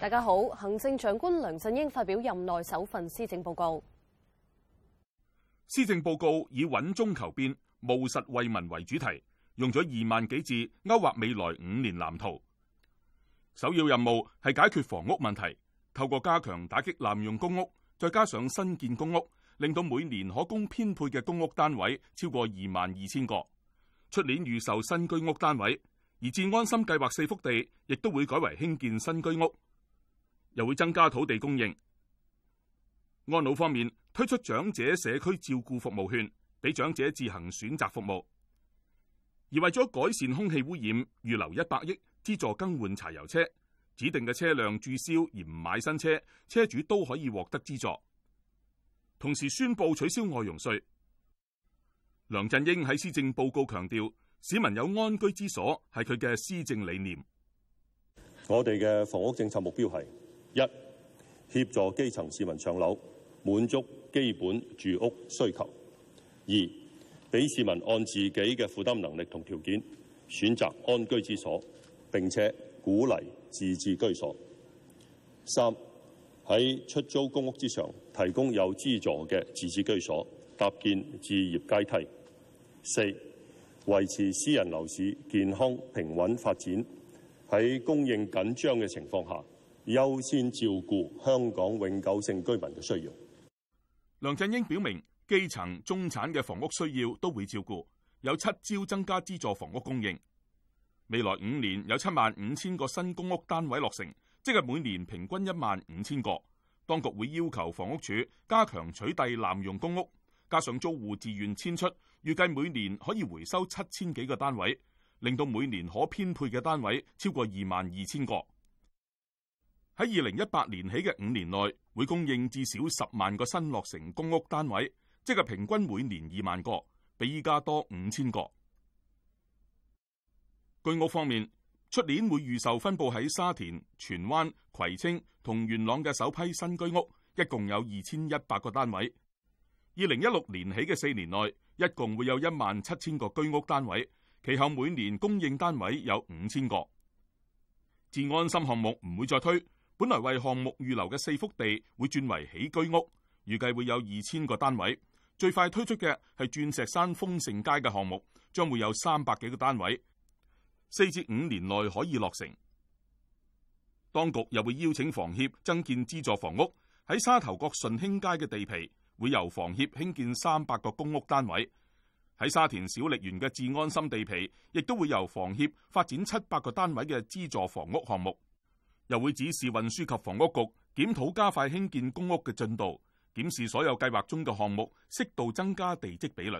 大家好，行政長官梁振英發表任內首份施政報告。施政報告以穩中求變、務實為民為主題，用咗二萬幾字勾畫未來五年藍圖。首要任務係解決房屋問題，透過加強打擊濫用公屋，再加上新建公屋，令到每年可供編配嘅公屋單位超過二萬二千個。出年預售新居屋單位，而置安心計劃四幅地亦都會改為興建新居屋。又會增加土地供應。安老方面推出長者社區照顧服務券，俾長者自行選擇服務。而為咗改善空氣污染，預留一百億資助更換柴油車，指定嘅車輛註銷而唔買新車，車主都可以獲得資助。同時宣布取消外傭稅。梁振英喺施政報告強調，市民有安居之所係佢嘅施政理念。我哋嘅房屋政策目標係。一協助基層市民上樓，滿足基本住屋需求；二畀市民按自己嘅負擔能力同條件選擇安居之所，並且鼓勵自置居所。三喺出租公屋之上提供有資助嘅自置居所，搭建置業階梯。四維持私人樓市健康平穩發展。喺供應緊張嘅情況下，優先照顧香港永久性居民嘅需要。梁振英表明，基層中產嘅房屋需要都會照顧，有七招增加資助房屋供應。未來五年有七萬五千個新公屋單位落成，即係每年平均一萬五千個。當局會要求房屋署加強取締濫用公屋，加上租戶自願遷出，預計每年可以回收七千幾個單位，令到每年可編配嘅單位超過二萬二千個。喺二零一八年起嘅五年內，會供應至少十萬個新落成公屋單位，即係平均每年二萬個，比依家多五千個。居屋方面，出年會預售分布喺沙田、荃灣、葵青同元朗嘅首批新居屋，一共有二千一百個單位。二零一六年起嘅四年內，一共會有一萬七千個居屋單位，其後每年供應單位有五千個。置安心項目唔會再推。本來為項目預留嘅四幅地會轉為起居屋，預計會有二千個單位。最快推出嘅係鑽石山豐盛街嘅項目，將會有三百幾個單位，四至五年內可以落成。當局又會邀請房協增建資助房屋。喺沙頭角順興街嘅地皮會由房協興建三百個公屋單位。喺沙田小瀝源嘅置安心地皮，亦都會由房協發展七百個單位嘅資助房屋項目。又會指示運輸及房屋局檢討加快興建公屋嘅進度，檢視所有計劃中嘅項目，適度增加地積比率。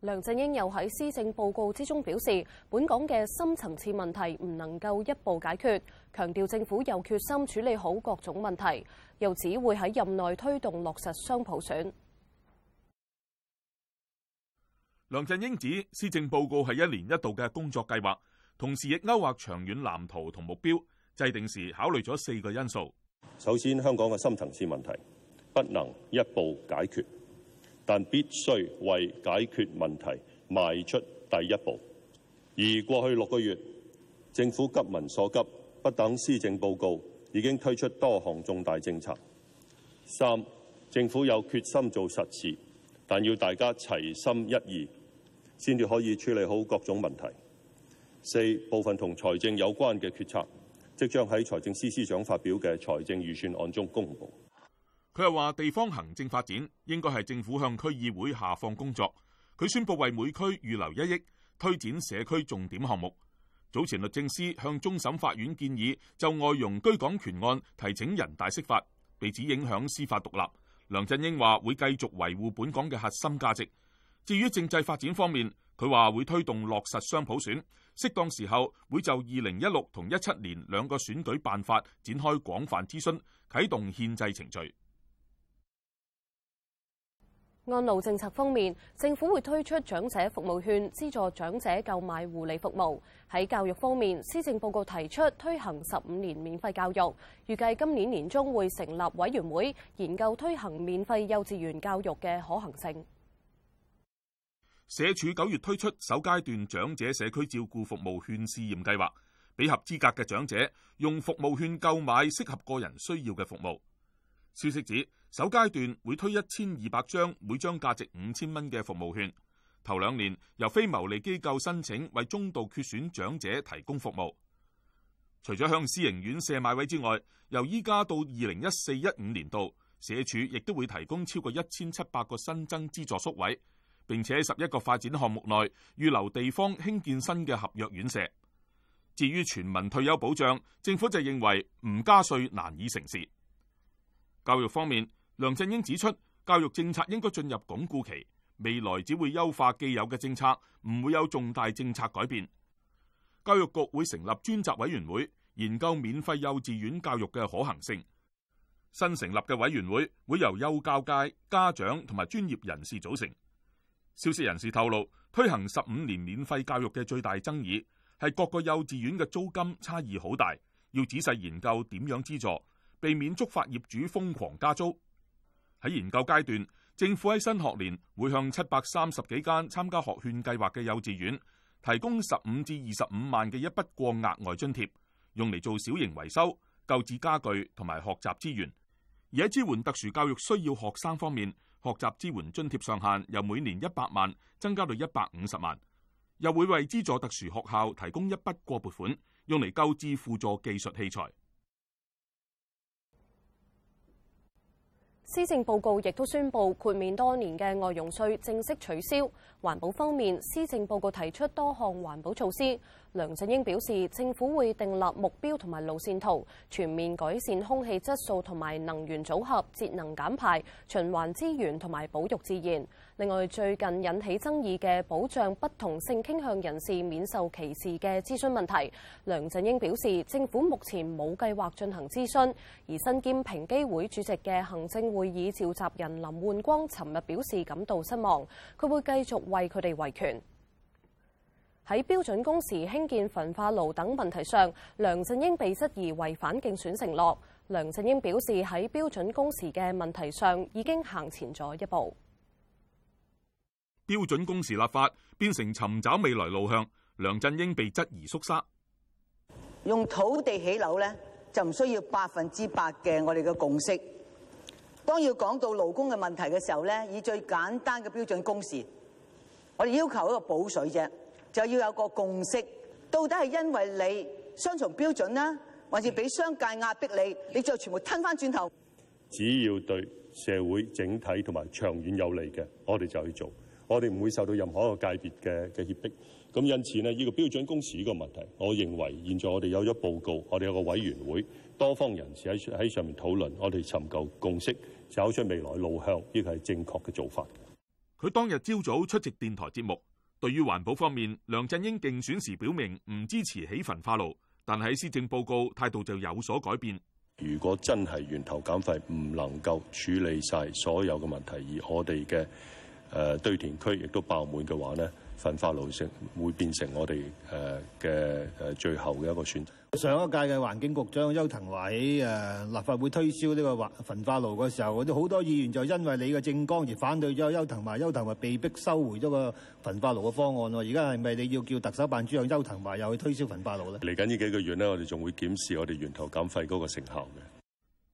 梁振英又喺施政報告之中表示，本港嘅深層次問題唔能夠一步解決，強調政府有決心處理好各種問題，又指會喺任內推動落實雙普選。梁振英指施政報告係一年一度嘅工作計劃。同時亦勾畫長遠藍圖同目標，制定時考慮咗四個因素。首先，香港嘅深層次問題不能一步解決，但必須為解決問題邁出第一步。而過去六個月，政府急民所急，不等施政報告，已經推出多項重大政策。三，政府有決心做實事，但要大家齊心一意，先至可以處理好各種問題。四部分同財政有關嘅決策，即將喺財政司司長發表嘅財政預算案中公布。佢又話：地方行政發展應該係政府向區議會下放工作。佢宣佈為每區預留一億，推展社區重點項目。早前律政司向終審法院建議就外傭居港權案提請人大釋法，被指影響司法獨立。梁振英話會繼續維護本港嘅核心價值。至於政制發展方面，佢話會推動落實雙普選。適當時候會就二零一六同一七年兩個選舉辦法展開廣泛諮詢，啟動憲制程序。安老政策方面，政府會推出長者服務券，資助長者購買護理服務。喺教育方面，施政報告提出推行十五年免費教育，預計今年年中會成立委員會，研究推行免費幼稚園教育嘅可行性。社署九月推出首階段長者社區照顧服務券試驗計劃，俾合資格嘅長者用服務券購買適合個人需要嘅服務。消息指，首階段會推一千二百張，每張價值五千蚊嘅服務券，頭兩年由非牟利機構申請為中度缺損長者提供服務。除咗向私營院舍買位之外，由依家到二零一四一五年度，社署亦都會提供超過一千七百個新增資助宿位。並且喺十一個發展項目內預留地方興建新嘅合約院舍。至於全民退休保障，政府就認為唔加稅難以成事。教育方面，梁振英指出，教育政策應該進入鞏固期，未來只會優化既有嘅政策，唔會有重大政策改變。教育局會成立專責委員會，研究免費幼稚園教育嘅可行性。新成立嘅委員會會由幼教界、家長同埋專業人士組成。消息人士透露，推行十五年免費教育嘅最大爭議係各個幼稚園嘅租金差異好大，要仔細研究點樣資助，避免觸發業主瘋狂加租。喺研究階段，政府喺新學年會向七百三十幾間參加學券計劃嘅幼稚園提供十五至二十五萬嘅一筆過額外津貼，用嚟做小型維修、購置傢具同埋學習資源。而喺支援特殊教育需要學生方面，學習支援津貼上限由每年一百萬增加到一百五十萬，又會為資助特殊學校提供一筆過撥款，用嚟購置輔助技術器材。施政報告亦都宣佈豁免多年嘅外傭稅，正式取消。環保方面，施政報告提出多項環保措施。梁振英表示，政府會訂立目標同埋路線圖，全面改善空氣質素同埋能源組合，節能減排，循環資源同埋保育自然。另外，最近引起爭議嘅保障不同性傾向人士免受歧視嘅諮詢問題，梁振英表示，政府目前冇計劃進行諮詢，而身兼平機會主席嘅行政會議召集人林煥光，尋日表示感到失望，佢會繼續為佢哋維權。喺標準工時興建焚化爐等問題上，梁振英被質疑違反競選承諾。梁振英表示喺標準工時嘅問題上已經行前咗一步。標準工時立法變成尋找未來路向，梁振英被質疑縮沙。用土地起樓咧，就唔需要百分之百嘅我哋嘅共識。當要講到勞工嘅問題嘅時候咧，以最簡單嘅標準工時，我哋要求一個補水啫。就要有個共識，到底係因為你雙重標準呢，還是俾商界壓迫你，你就全部吞翻轉頭。只要對社會整體同埋長遠有利嘅，我哋就去做，我哋唔會受到任何一個界別嘅嘅脅迫。咁因此呢，呢個標準公佈呢個問題，我認為現在我哋有咗報告，我哋有個委員會多方人士喺喺上面討論，我哋尋求共識找出未來路向，呢個係正確嘅做法。佢當日朝早出席電台節目。對於環保方面，梁振英競選時表明唔支持起焚化爐，但喺施政報告態度就有所改變。如果真係源頭減廢唔能夠處理晒所有嘅問題，而我哋嘅誒堆填區亦都爆滿嘅話咧。焚化爐成會變成我哋誒嘅誒最後嘅一個選擇。上一屆嘅環境局長邱騰華喺立法會推銷呢個焚焚化爐嘅時候，嗰啲好多議員就因為你嘅政綱而反對咗邱騰華，邱騰華被逼收回咗個焚化爐嘅方案喎。而家係咪你要叫特首辦主任邱騰華又去推銷焚化爐咧？嚟緊呢幾個月呢，我哋仲會檢視我哋源頭減廢嗰個成效嘅。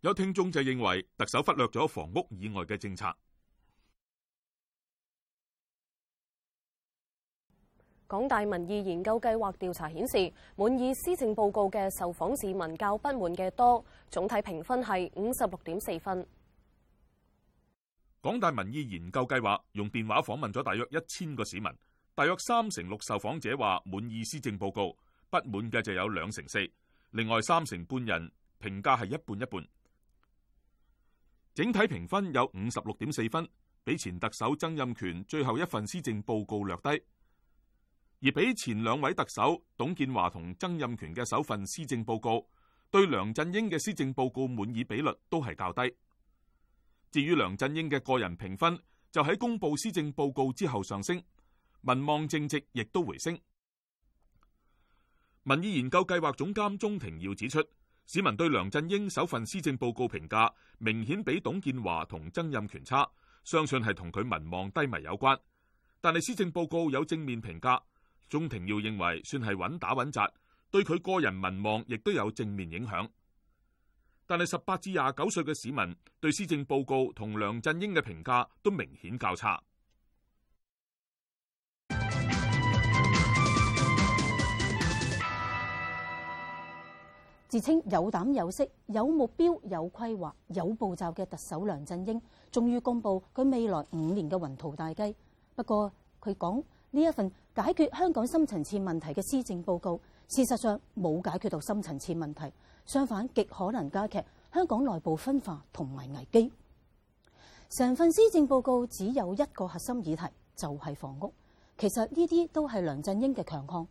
有聽眾就認為特首忽略咗房屋以外嘅政策。港大民意研究計劃調查顯示，滿意施政報告嘅受訪市民較不滿嘅多，總體評分係五十六點四分。港大民意研究計劃用電話訪問咗大約一千個市民，大約三成六受訪者話滿意施政報告，不滿嘅就有兩成四，另外三成半人評價係一半一半，整體評分有五十六點四分，比前特首曾蔭權最後一份施政報告略低。而比前兩位特首董建華同曾蔭權嘅首份施政報告，對梁振英嘅施政報告滿意比率都係較低。至於梁振英嘅個人評分就喺公布施政報告之後上升，民望正值亦都回升。民意研究計劃總監鍾庭耀指出，市民對梁振英首份施政報告評價明顯比董建華同曾蔭權差，相信係同佢民望低迷有關。但係施政報告有正面評價。鍾庭耀認為算係穩打穩紮，對佢個人民望亦都有正面影響。但係十八至廿九歲嘅市民對施政報告同梁振英嘅評價都明顯較差。自稱有膽有識、有目標、有規劃、有步驟嘅特首梁振英，仲要公布佢未來五年嘅雲圖大計。不過佢講呢一份。解決香港深層次問題嘅施政報告，事實上冇解決到深層次問題，相反極可能加劇香港內部分化同埋危機。成份施政報告只有一個核心議題，就係房屋。其實呢啲都係梁振英嘅強項。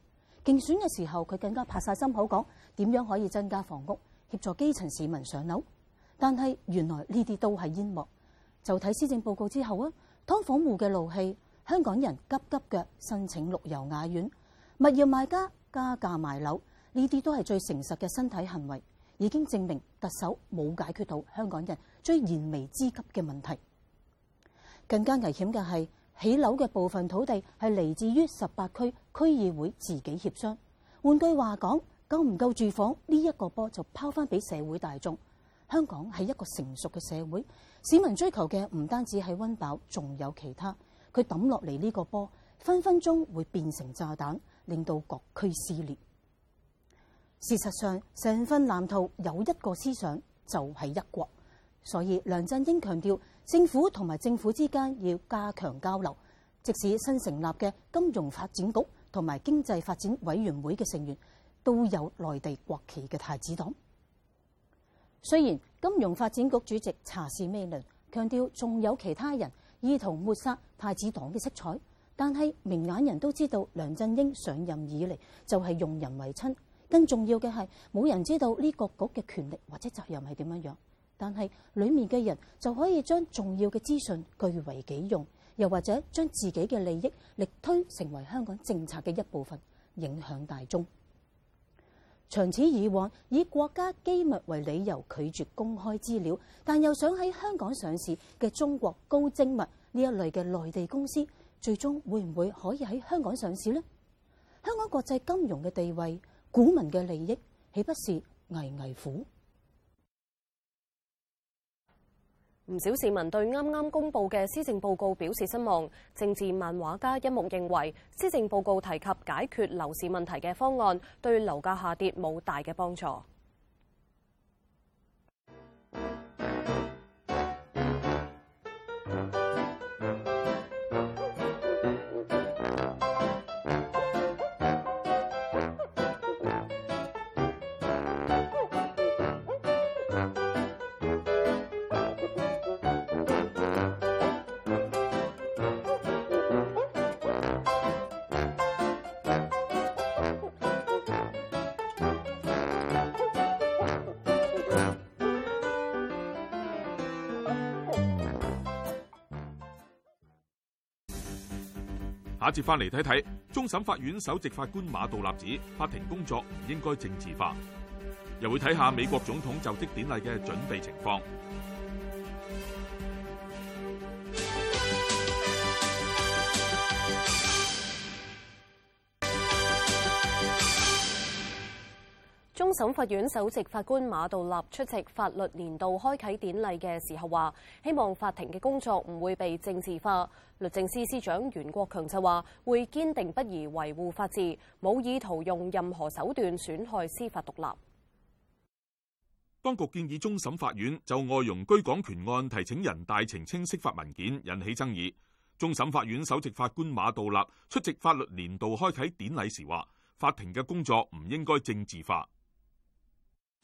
競選嘅時候，佢更加拍晒心口講點樣可以增加房屋，協助基層市民上樓。但係原來呢啲都係煙幕。就睇施政報告之後啊，劏房戶嘅怒氣。香港人急急腳申請綠悠雅苑，物業賣家加價賣樓，呢啲都係最誠實嘅身體行為，已經證明特首冇解決到香港人最燃眉之急嘅問題。更加危險嘅係起樓嘅部分土地係嚟自於十八區區議會自己協商。換句話講，夠唔夠住房呢一個波就拋翻俾社會大眾。香港係一個成熟嘅社會，市民追求嘅唔單止係溫飽，仲有其他。佢抌落嚟呢個波，分分鐘會變成炸彈，令到各區撕裂。事實上，成份藍圖有一個思想就係、是、一國，所以梁振英強調政府同埋政府之間要加強交流。即使新成立嘅金融發展局同埋經濟發展委員會嘅成員都有內地國旗嘅太子黨。雖然金融發展局主席查史美倫強調，仲有其他人。意圖抹殺太子黨嘅色彩，但係明眼人都知道梁振英上任以嚟就係用人為親，更重要嘅係冇人知道呢個局嘅權力或者責任係點樣樣，但係裏面嘅人就可以將重要嘅資訊據為己用，又或者將自己嘅利益力推成為香港政策嘅一部分，影響大眾。長此以往，以國家機密為理由拒絕公開資料，但又想喺香港上市嘅中國高精密呢一類嘅內地公司，最終會唔會可以喺香港上市呢？香港國際金融嘅地位、股民嘅利益，豈不是危危乎？唔少市民對啱啱公布嘅施政報告表示失望。政治漫畫家一目認為，施政報告提及解決樓市問題嘅方案，對樓價下跌冇大嘅幫助。接翻嚟睇睇，中審法院首席法官馬杜立指，法庭工作唔應該政治化。又會睇下美國總統就職典禮嘅準備情況。審法院首席法官馬道立出席法律年度開啟典禮嘅時候話，希望法庭嘅工作唔會被政治化。律政司司長袁國強就話，會堅定不移維護法治，冇意圖用任何手段損害司法獨立。當局建議終審法院就外傭居港權案提請人大澄清釋法文件，引起爭議。終審法院首席法官馬道立出席法律年度開啟典禮時話，法庭嘅工作唔應該政治化。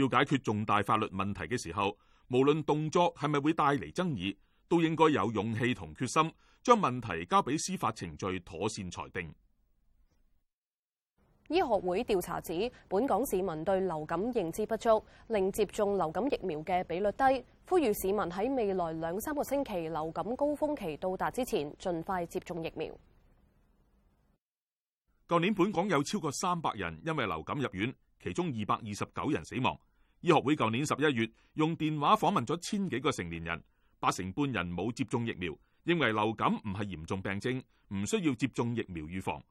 要解決重大法律問題嘅時候，無論動作係咪會帶嚟爭議，都應該有勇氣同決心，將問題交俾司法程序妥善裁定。醫學會調查指，本港市民對流感認知不足，令接種流感疫苗嘅比率低，呼籲市民喺未來兩三個星期流感高峰期到達之前，盡快接種疫苗。舊年本港有超過三百人因為流感入院，其中二百二十九人死亡。醫學會舊年十一月用電話訪問咗千幾個成年人，八成半人冇接種疫苗，認為流感唔係嚴重病症，唔需要接種疫苗預防。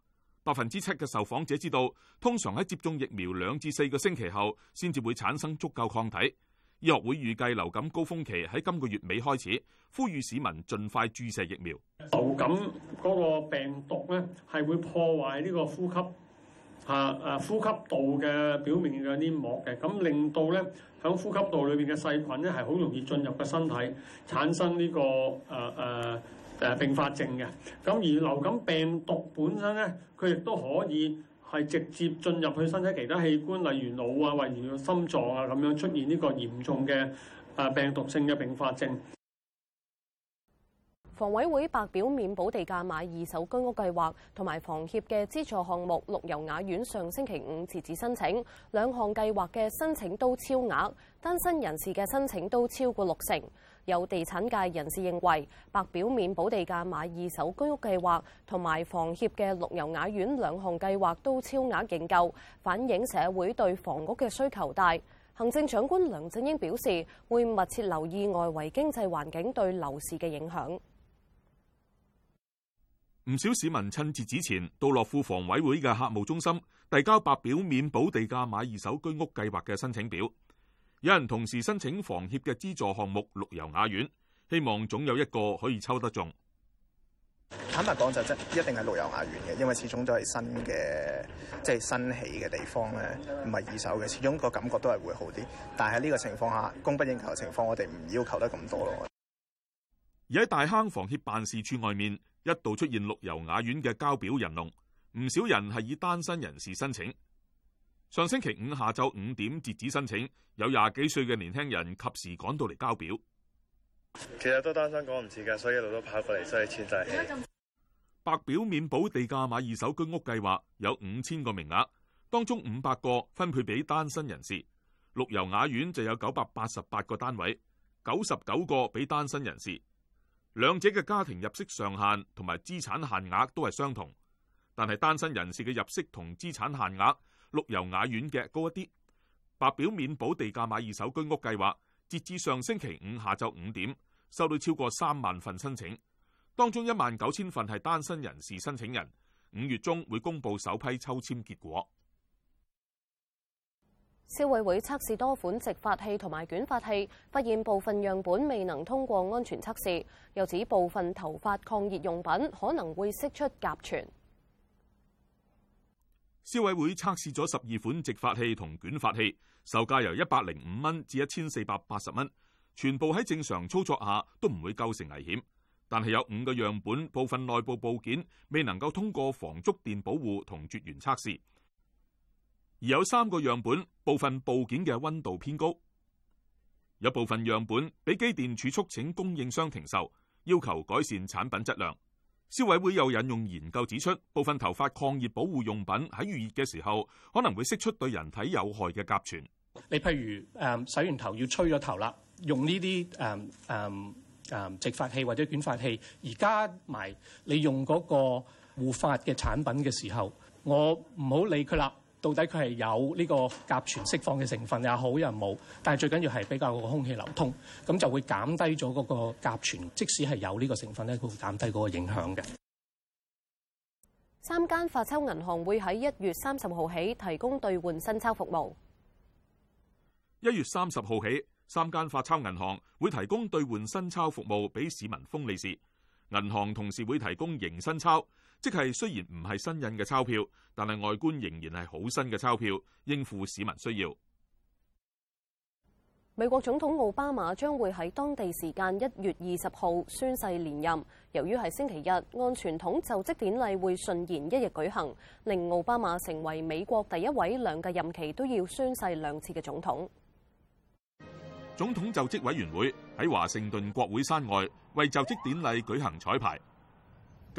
百分之七嘅受訪者知道，通常喺接種疫苗兩至四個星期後，先至會產生足夠抗體。醫學會預計流感高峰期喺今個月尾開始，呼籲市民盡快注射疫苗。流感嗰個病毒咧，係會破壞呢個呼吸。啊！誒、啊、呼吸道嘅表面嘅黏膜嘅，咁令到咧響呼吸道裏邊嘅細菌咧係好容易進入個身體產生呢個誒誒誒併發症嘅。咁而流感病毒本身咧，佢亦都可以係直接進入去身體的其他器官，例如腦啊，或者要心臟啊咁樣出現呢個嚴重嘅誒、啊、病毒性嘅併發症。房委會白表免補地價買二手居屋計劃同埋房協嘅資助項目綠悠雅苑上星期五截止申請，兩項計劃嘅申請都超額，單身人士嘅申請都超過六成。有地產界人士認為，白表免補地價買二手居屋計劃同埋房協嘅綠悠雅苑兩項計劃都超額認購，反映社會對房屋嘅需求大。行政長官梁振英表示，會密切留意外圍經濟環境對樓市嘅影響。唔少市民趁截止前到樂富房委會嘅客務中心遞交白表免補地價買二手居屋計劃嘅申請表，有人同時申請房協嘅資助項目綠悠雅苑，希望總有一個可以抽得中。坦白講就真一定係綠悠雅苑嘅，因為始終都係新嘅，即係新起嘅地方咧,唔係二手嘅，始終個感覺都係會好啲。但係呢個情況下供不應求嘅情況，我哋唔要求得咁多咯。而喺大坑房協辦事處外面，一度出現綠悠雅苑嘅交表人龍，唔少人係以單身人士申請。上星期五下晝五點截止申請，有廿幾歲嘅年輕人及時趕到嚟交表。其實都單身，講唔知噶，所以一路都跑過嚟，所以喘晒氣。白表免補地價買二手居屋計劃有五千個名額，當中五百個分配俾單身人士。綠悠雅苑就有九百八十八個單位，九十九個俾單身人士。兩者嘅家庭入息上限同埋資產限額都係相同，但係單身人士嘅入息同資產限額綠悠雅苑嘅高一啲。白表免補地價買二手居屋計劃截至上星期五下晝五點，收到超過三萬份申請，當中一萬九千份係單身人士申請人，五月中會公布首批抽籤結果。消委會測試多款直髮器同埋捲髮器，發現部分樣本未能通過安全測試，又指部分頭髮抗熱用品可能會釋出甲醛。消委會測試咗十二款直髮器同捲髮器，售價由一百零五蚊至一千四百八十蚊，全部喺正常操作下都唔會構成危險，但係有五個樣本部分內部部件未能夠通過防觸電保護同絕緣測試。而有三個樣本部分部件嘅溫度偏高，有部分樣本俾機電處促請供應商停售，要求改善產品質量。消委會又引用研究指出，部分頭髮抗熱保護用品喺預熱嘅時候可能會釋出對人體有害嘅甲醛。你譬如誒、嗯、洗完頭要吹咗頭啦，用呢啲誒誒誒直髮器或者捲髮器，而家埋你用嗰個護髮嘅產品嘅時候，我唔好理佢啦。到底佢係有呢個甲醛釋放嘅成分也好，又冇，但係最緊要係比較空氣流通，咁就會減低咗嗰個甲醛。即使係有呢個成分咧，佢會減低嗰個影響嘅。三間發鈔銀行會喺一月三十號起提供兌換新鈔服務。一月三十號起，三間發鈔銀行會提供兌換新鈔服務俾市民封利是，銀行同時會提供迎新鈔。即係雖然唔係新印嘅鈔票，但係外觀仍然係好新嘅鈔票，應付市民需要。美國總統奧巴馬將會喺當地時間一月二十號宣誓連任。由於係星期日，按傳統就職典禮會順延一日舉行，令奧巴馬成為美國第一位兩屆任期都要宣誓兩次嘅總統。總統就職委員會喺華盛頓國會山外為就職典禮舉行綵排。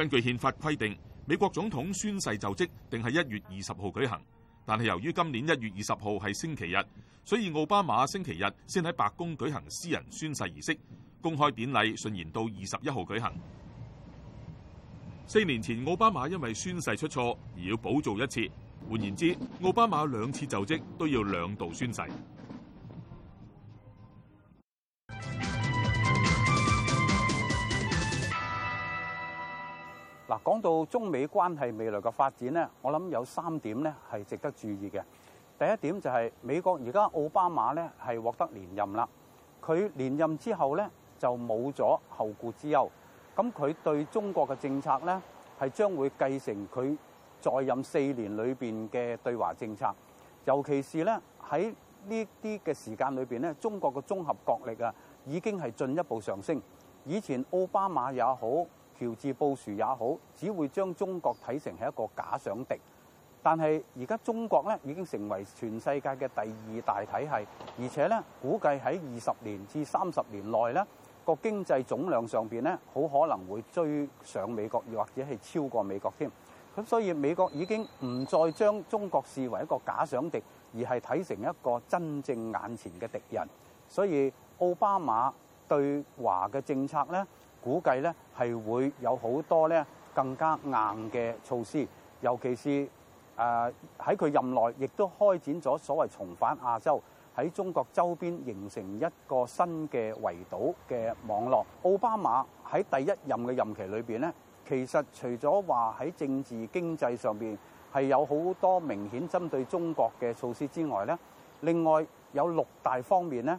根據憲法規定，美國總統宣誓就職定係一月二十號舉行，但係由於今年一月二十號係星期日，所以奧巴馬星期日先喺白宮舉行私人宣誓儀式，公開典禮順延到二十一號舉行。四年前奧巴馬因為宣誓出錯而要補做一次，換言之，奧巴馬兩次就職都要兩度宣誓。嗱，講到中美關係未來嘅發展呢，我諗有三點呢係值得注意嘅。第一點就係美國而家奧巴馬呢係獲得連任啦，佢連任之後呢就冇咗後顧之憂。咁佢對中國嘅政策呢係將會繼承佢在任四年裏面嘅對華政策。尤其是呢喺呢啲嘅時間裏面，呢中國嘅綜合國力啊已經係進一步上升。以前奧巴馬也好。喬治布殊也好，只會將中國睇成係一個假想敵。但係而家中國呢，已經成為全世界嘅第二大體系，而且呢，估計喺二十年至三十年內呢，個經濟總量上面呢，好可能會追上美國，又或者係超過美國添。咁所以美國已經唔再將中國視為一個假想敵，而係睇成一個真正眼前嘅敵人。所以奧巴馬對華嘅政策呢。估計咧係會有好多咧更加硬嘅措施，尤其是誒喺佢任內，亦都開展咗所謂重返亞洲，喺中國周邊形成一個新嘅圍堵嘅網絡。奧巴馬喺第一任嘅任期裏邊呢，其實除咗話喺政治經濟上邊係有好多明顯針對中國嘅措施之外呢，另外有六大方面呢。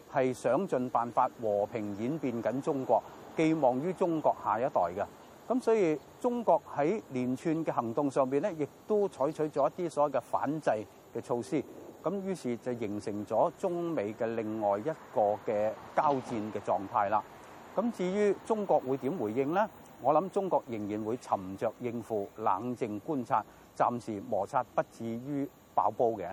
係想盡辦法和平演變緊中國，寄望於中國下一代嘅。咁所以中國喺連串嘅行動上邊咧，亦都採取咗一啲所謂嘅反制嘅措施。咁於是就形成咗中美嘅另外一個嘅交戰嘅狀態啦。咁至於中國會點回應呢？我諗中國仍然會沉着應付、冷靜觀察，暫時摩擦不至於爆煲嘅。